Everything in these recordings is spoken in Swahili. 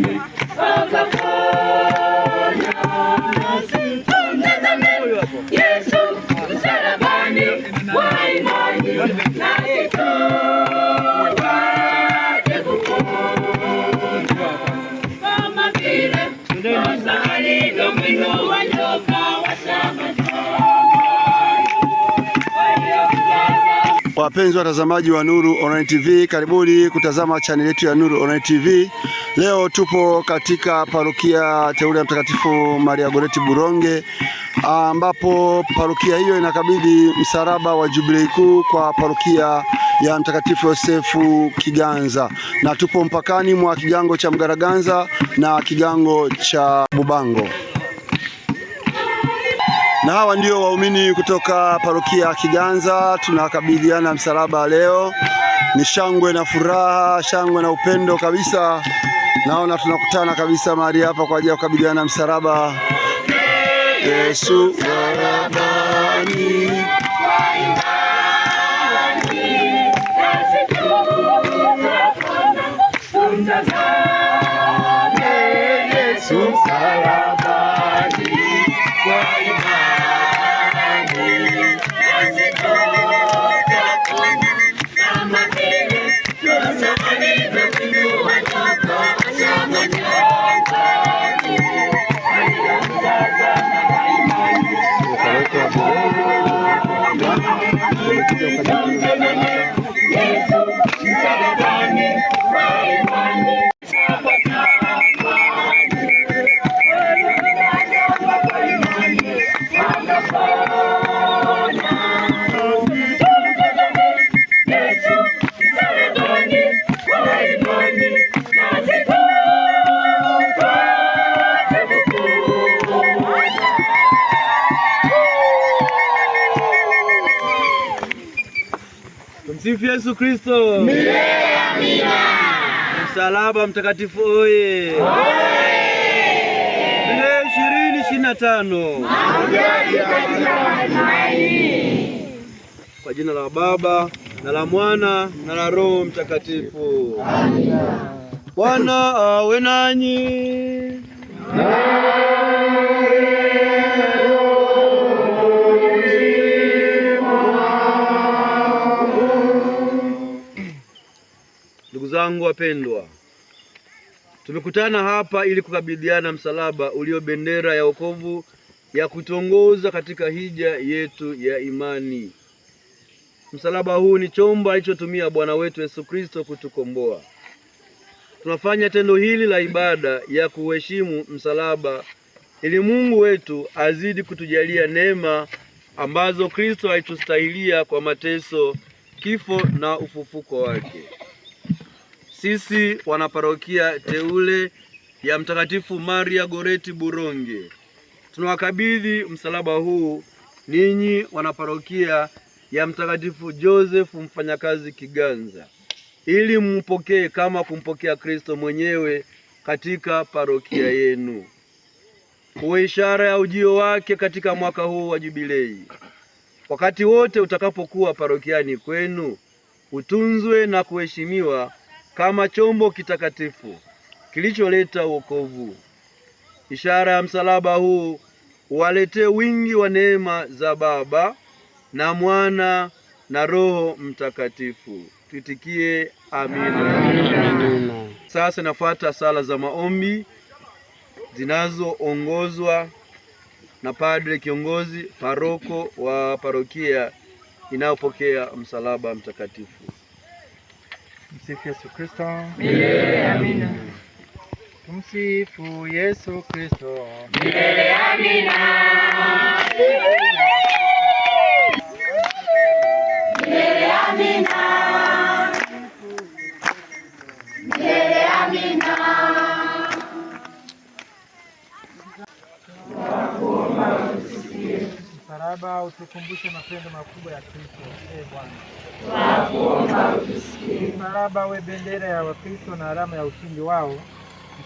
come on. Wapenzi watazamaji wa Nuru Online TV, karibuni kutazama chaneli yetu ya Nuru Online TV. Leo tupo katika parokia teule ya Mtakatifu Maria Goreti Buronge, ambapo parokia hiyo inakabidhi msalaba wa Jubilei kuu kwa parokia ya Mtakatifu Yosefu Kiganza, na tupo mpakani mwa kigango cha Mgaraganza na kigango cha Bubango. Na hawa ndio waumini kutoka parokia ya Kiganza, tunakabidhiana msalaba leo. Ni shangwe na furaha, shangwe na upendo kabisa. Naona tunakutana kabisa mahali hapa kwa ajili ya kukabidhiana msalaba. Yesu msalabani Yeah. Tumsifu Yesu Kristo. amina. Msalaba mtakatifu oye. Oye. Ishirini ishirini na tano. Kwa jina la Baba na la Mwana na la Roho Mtakatifu. Amina. Bwana awe nanyi. Amina. zangu wapendwa, tumekutana hapa ili kukabidhiana msalaba ulio bendera ya wokovu ya kutongoza katika hija yetu ya imani. Msalaba huu ni chombo alichotumia Bwana wetu Yesu Kristo kutukomboa. Tunafanya tendo hili la ibada ya kuheshimu msalaba ili Mungu wetu azidi kutujalia neema ambazo Kristo alitustahilia kwa mateso, kifo na ufufuko wake. Sisi wanaparokia teule ya Mtakatifu Maria Goreti Buronge tunawakabidhi msalaba huu ninyi wanaparokia ya Mtakatifu Joseph mfanyakazi Kiganza ili mpokee kama kumpokea Kristo mwenyewe katika parokia yenu. Huwe ishara ya ujio wake katika mwaka huu wa jubilei. Wakati wote utakapokuwa parokiani kwenu, utunzwe na kuheshimiwa kama chombo kitakatifu kilicholeta wokovu. Ishara ya msalaba huu uwaletee wingi wa neema za Baba na Mwana na Roho Mtakatifu. Tuitikie amina. Sasa nafuata sala za maombi zinazoongozwa na padre kiongozi paroko wa parokia inayopokea msalaba mtakatifu. Tumsifu Yesu Kristo. Milele amina. Tumsifu Yesu Kristo. Milele amina. msalaba utukumbushe mapendo makubwa ya Kristo. E Bwana, msalaba we bendera ya Wakristo na alama ya ushindi wao.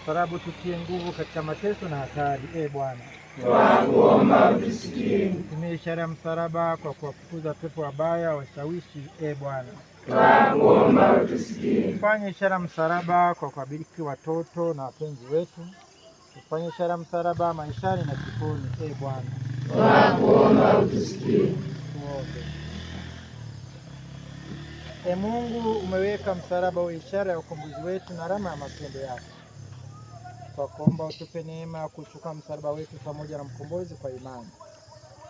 Msalaba tutie nguvu katika mateso na hatari. e Bwana, tunakuomba utusikie. Tumie ishara ya msalaba kwa kuwafukuza pepo wabaya washawishi. e Bwana, tunakuomba utusikie. Fanye ishara ya msalaba kwa kuabiriki watoto na wapenzi wetu. Tufanye ishara msalaba maishani na kifuni. E Bwana, tusikie. E Mungu, umeweka msalaba wa ishara ya ukombozi wetu na alama ya mapendo yako. Kwa kuomba utupe neema ya kuchukua msalaba wetu pamoja na mkombozi kwa imani,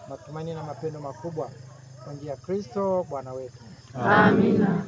matumaini na mapendo makubwa kwa njia ya Kristo Bwana wetu. Amina.